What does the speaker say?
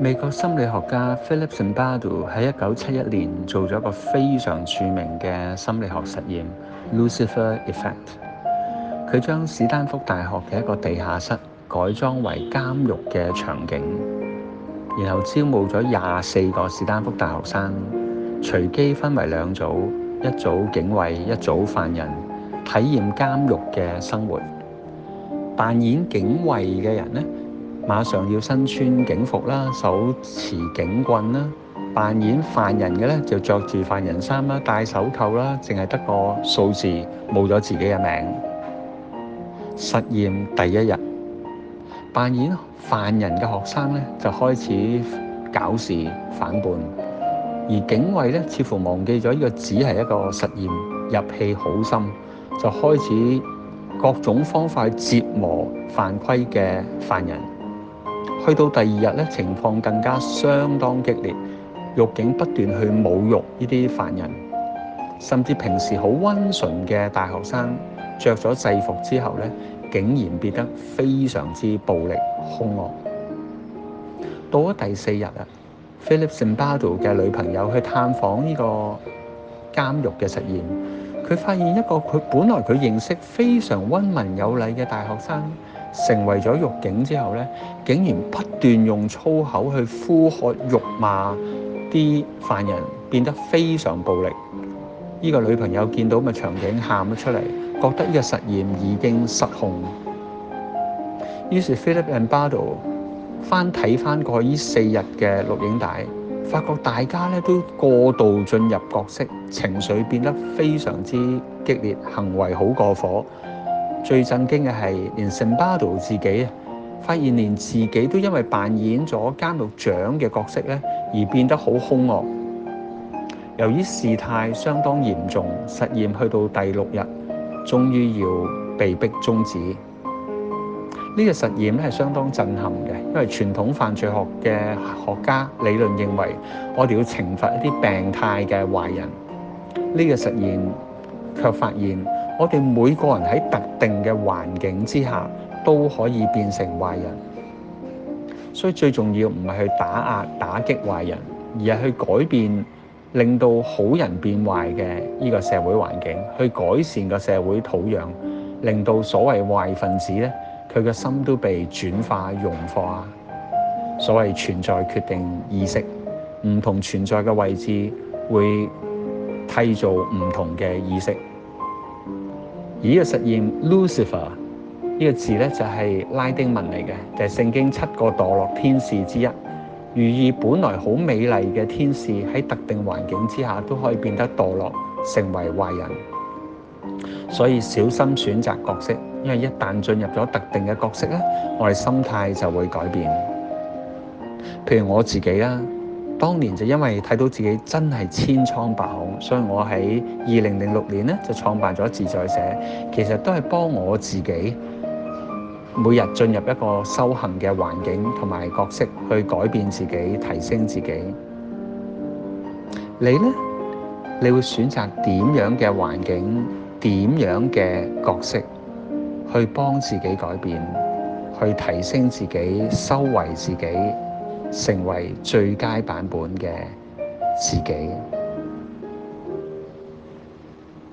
美國心理學家 Philip Zimbardo 喺一九七一年做咗個非常著名嘅心理學實驗 Lucifer Effect。佢將史丹福大學嘅一個地下室改裝為監獄嘅場景，然後招募咗廿四個史丹福大學生，隨機分為兩組，一組警衛，一組犯人，體驗監獄嘅生活。扮演警衛嘅人呢，馬上要身穿警服啦，手持警棍啦，扮演犯人嘅咧就着住犯人衫啦，戴手扣啦，淨係得個數字，冇咗自己嘅名。實驗第一日，扮演犯人嘅學生咧就開始搞事反叛，而警衞咧似乎忘記咗呢個只係一個實驗，入戲好深，就開始各種方法去折磨犯規嘅犯人。去到第二日咧，情況更加相當激烈，獄警不斷去侮辱呢啲犯人，甚至平時好温順嘅大學生，着咗制服之後咧，竟然變得非常之暴力兇惡。到咗第四日啊 ，Philip Zimbardo 嘅女朋友去探訪呢個監獄嘅實驗。佢發現一個佢本來佢認識非常温文有禮嘅大學生，成為咗獄警之後咧，竟然不斷用粗口去呼喝辱罵啲犯人，變得非常暴力。呢、呢個女朋友見到呢個場景，喊咗出嚟，覺得呢個實驗已經失控。於是 Philip and Bardo 翻睇翻過去呢四日嘅錄影帶。發覺大家咧都過度進入角色，情緒變得非常之激烈，行為好過火。最震驚嘅係，連津巴多自己啊，發現連自己都因為扮演咗監獄長嘅角色咧，而變得好兇惡。由於事態相當嚴重，實驗去到第六日，終於要被迫中止。呢個實驗咧係相當震撼嘅，因為傳統犯罪學嘅學家理論認為我哋要懲罰一啲病態嘅壞人。呢個實驗卻發現我哋每個人喺特定嘅環境之下都可以變成壞人。所以最重要唔係去打壓打擊壞人，而係去改變令到好人變壞嘅呢個社會環境，去改善個社會土壤，令到所謂壞分子咧。佢嘅心都被轉化融化。所謂存在決定意識，唔同存在嘅位置會替造唔同嘅意識。而呢個實驗，Lucifer 呢個字咧就係拉丁文嚟嘅，就係聖經七個墮落天使之一，寓意本來好美麗嘅天使喺特定環境之下都可以變得墮落，成為壞人。所以小心選擇角色。因為一旦進入咗特定嘅角色咧，我哋心態就會改變。譬如我自己啦，當年就因為睇到自己真係千瘡百孔，所以我喺二零零六年咧就創辦咗自在社。其實都係幫我自己每日進入一個修行嘅環境同埋角色，去改變自己、提升自己。你呢，你會選擇點樣嘅環境、點樣嘅角色？去幫自己改變，去提升自己，修為自己，成為最佳版本嘅自己。